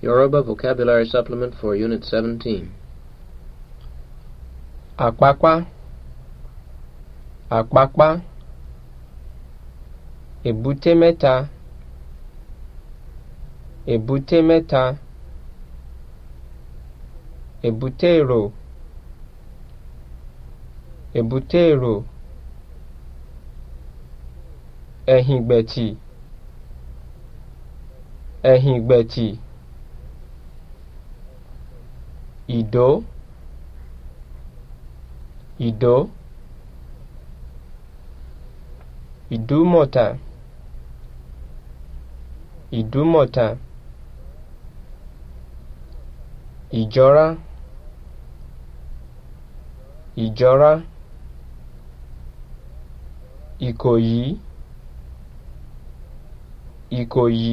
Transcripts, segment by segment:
Yoruba Vocabulary Supplement for Unit 17. Àpápá Àpápá Èbúté mẹ́ta Èbúté mẹ́ta Èbúté èrò Ido. Ido ìdó ìdúmọ̀tà ìdúmọ̀tà Ijora. ìjọra ìkòyí ìkòyí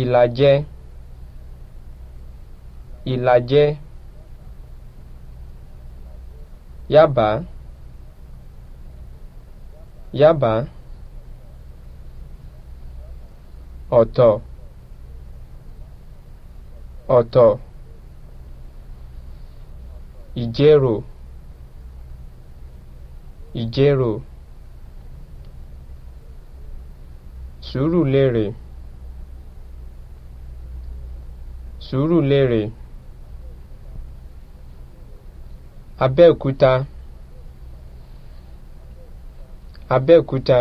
ìlàjẹ. Ìlàjẹ Yáàbá Yáàbá ọ̀tọ̀ ọ̀tọ̀ ìjẹ́rò ìjẹ́rò Sùúrùlérè Sùúrùlérè Abẹ́òkúta Abẹ́òkúta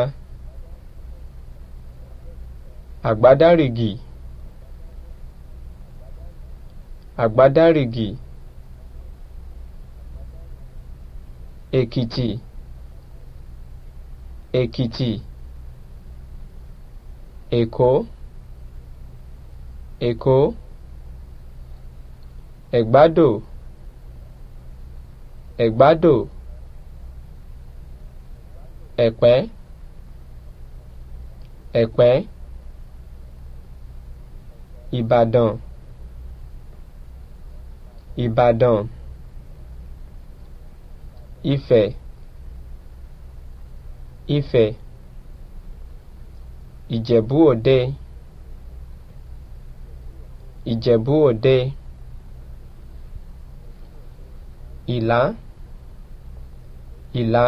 Àgbádárìgì Àgbádárìgì Èkìtì Èkìtì Èkó Èkó Ẹ̀gbádò. E ẹ̀gbádò ẹ̀pẹ́ ẹ̀pẹ́ ìbàdàn ìbàdàn ifẹ̀ ifẹ̀ ìjẹ̀bú òde ìjẹ̀bú òde ìlà ìlá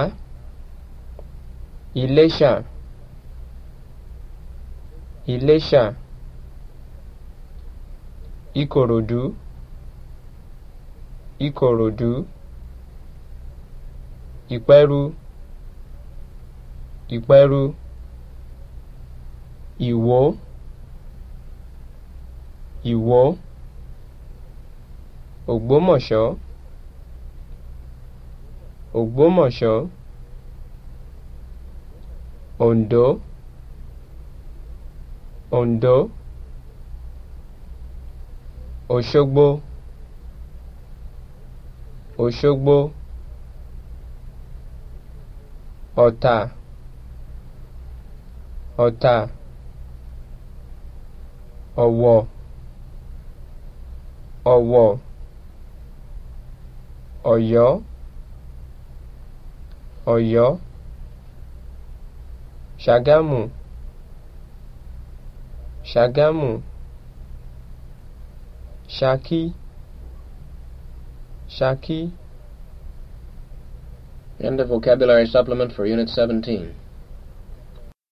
iléṣà iléṣà ìkòròdú ìkòròdú ìpẹ́rú ìpẹ́rú ìwó ìwó ògbómọ̀ṣọ́. Ògbómọ̀ṣọ́ ondo, ondo, Òṣogbo Òṣogbo Ọ̀tà Ọ̀tà Ọ̀wọ̀ Ọ̀wọ̀ Ọ̀yọ́ Ọ̀yọ́, Ṣàgámù, Ṣàgámù, Ṣakí, Ṣakí. End of vocabulary supplement for Unit 17.